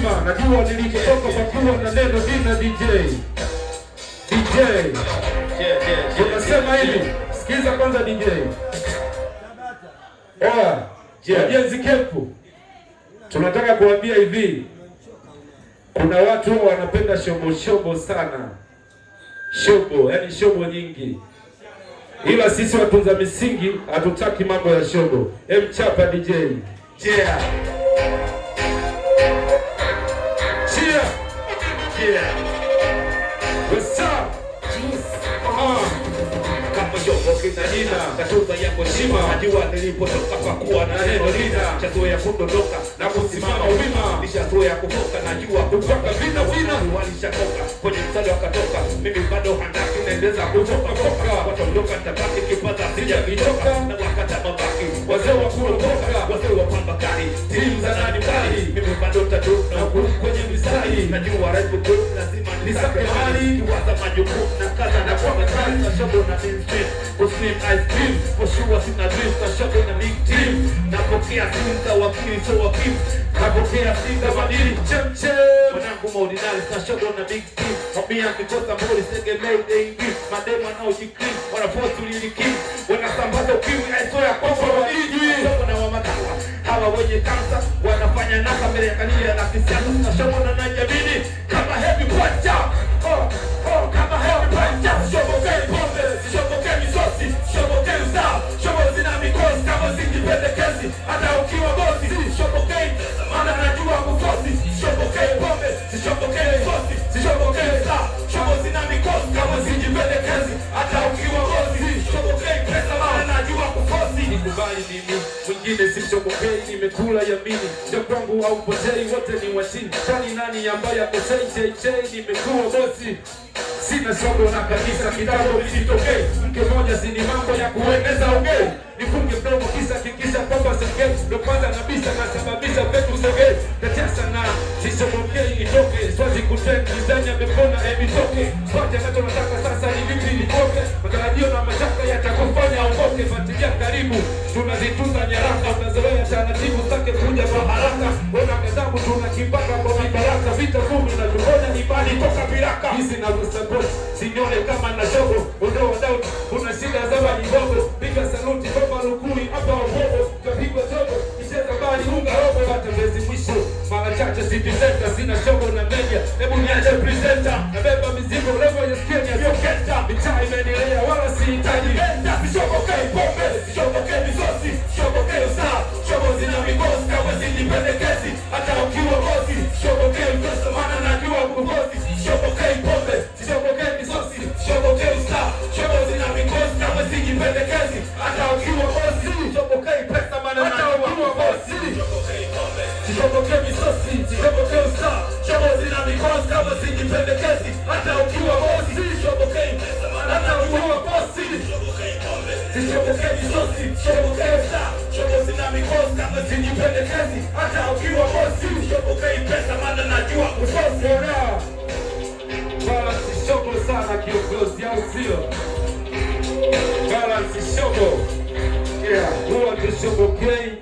mzima, najua kwa kuwa na neno dina DJ DJ unasema hivi, sikiza kwanza DJ Jenzi Kepu, tunataka kuambia hivi, kuna watu wanapenda shobo shobo sana, shobo yani shobo nyingi, ila sisi watunza misingi hatutaki mambo ya shobo. Emchapa DJ yeah. What's up? Kina katuza ya kushima, najua nilipotoka kwa kuwa na neno lina, chazoea kudondoka na kusimama wima, nishazoea kutoka, najua kupaka vina wina, walishakoka kwenye mstari wakatoka, mimi bado handaki naendeza kutoka koka, wataondoka tabaki kipaza sija vitoka na wakata mabaki wazee wakuroka mheshimiwa Rais Uhuru lazima nisake mali kuwaza majukumu na kaza na kwa kazi na shabo na mainstream Muslim ice cream kushua sina dream na shabo na big team napokea simu za wakili so wakili napokea simu za madini chemche mwanangu maordinari na shabo na big team mabia kikosa mbori segemei dab madema nao jikrim wanafosu lilikim wanasambaza ukimwi aisoya kwamba waijui na wamatawa hawa wenye kansa wanafanya nasa mbele ya kanili ya nakisiasa na shabo na naja mimi, mwingine simchomokei, nimekula yamini, ndio kwangu au potei, wote ni washini, Kani nani ambaye akosei? Cheichei nimekuwa bosi sina shogo na kabisa, kitambo lisitokee. Mke moja sini mambo ya kuendeza ongee, nifunge mdomo kisa kikisha kwamba sengee ndo kwanza kabisa nasababisha petu sengee katia sanaa sisomokei itoke swazi kutengiza kuja kwa haraka, ona kadhabu tunakipaka kwa mibaraka, vita kumi na tuona bali toka viraka hizi na kusapoti sinyone kama na shogo ondoa doubt, kuna shida zaba ni jibogo piga saluti kama rukui hapa wabogo kapigwa jogo icheza bali unga robo watembezi mwisho mara chache sitizeka sina shogo because kama sijipendekezi, hata ukiwa bosi hata ukiwa bosi sishobokei, shobokei, na mikosi, kama sijipendekezi, hata ukiwa bosi shobokei pesa, maana najua sishobo sana kiongozi, au sio? sishobo, yeah, huwa tushobokei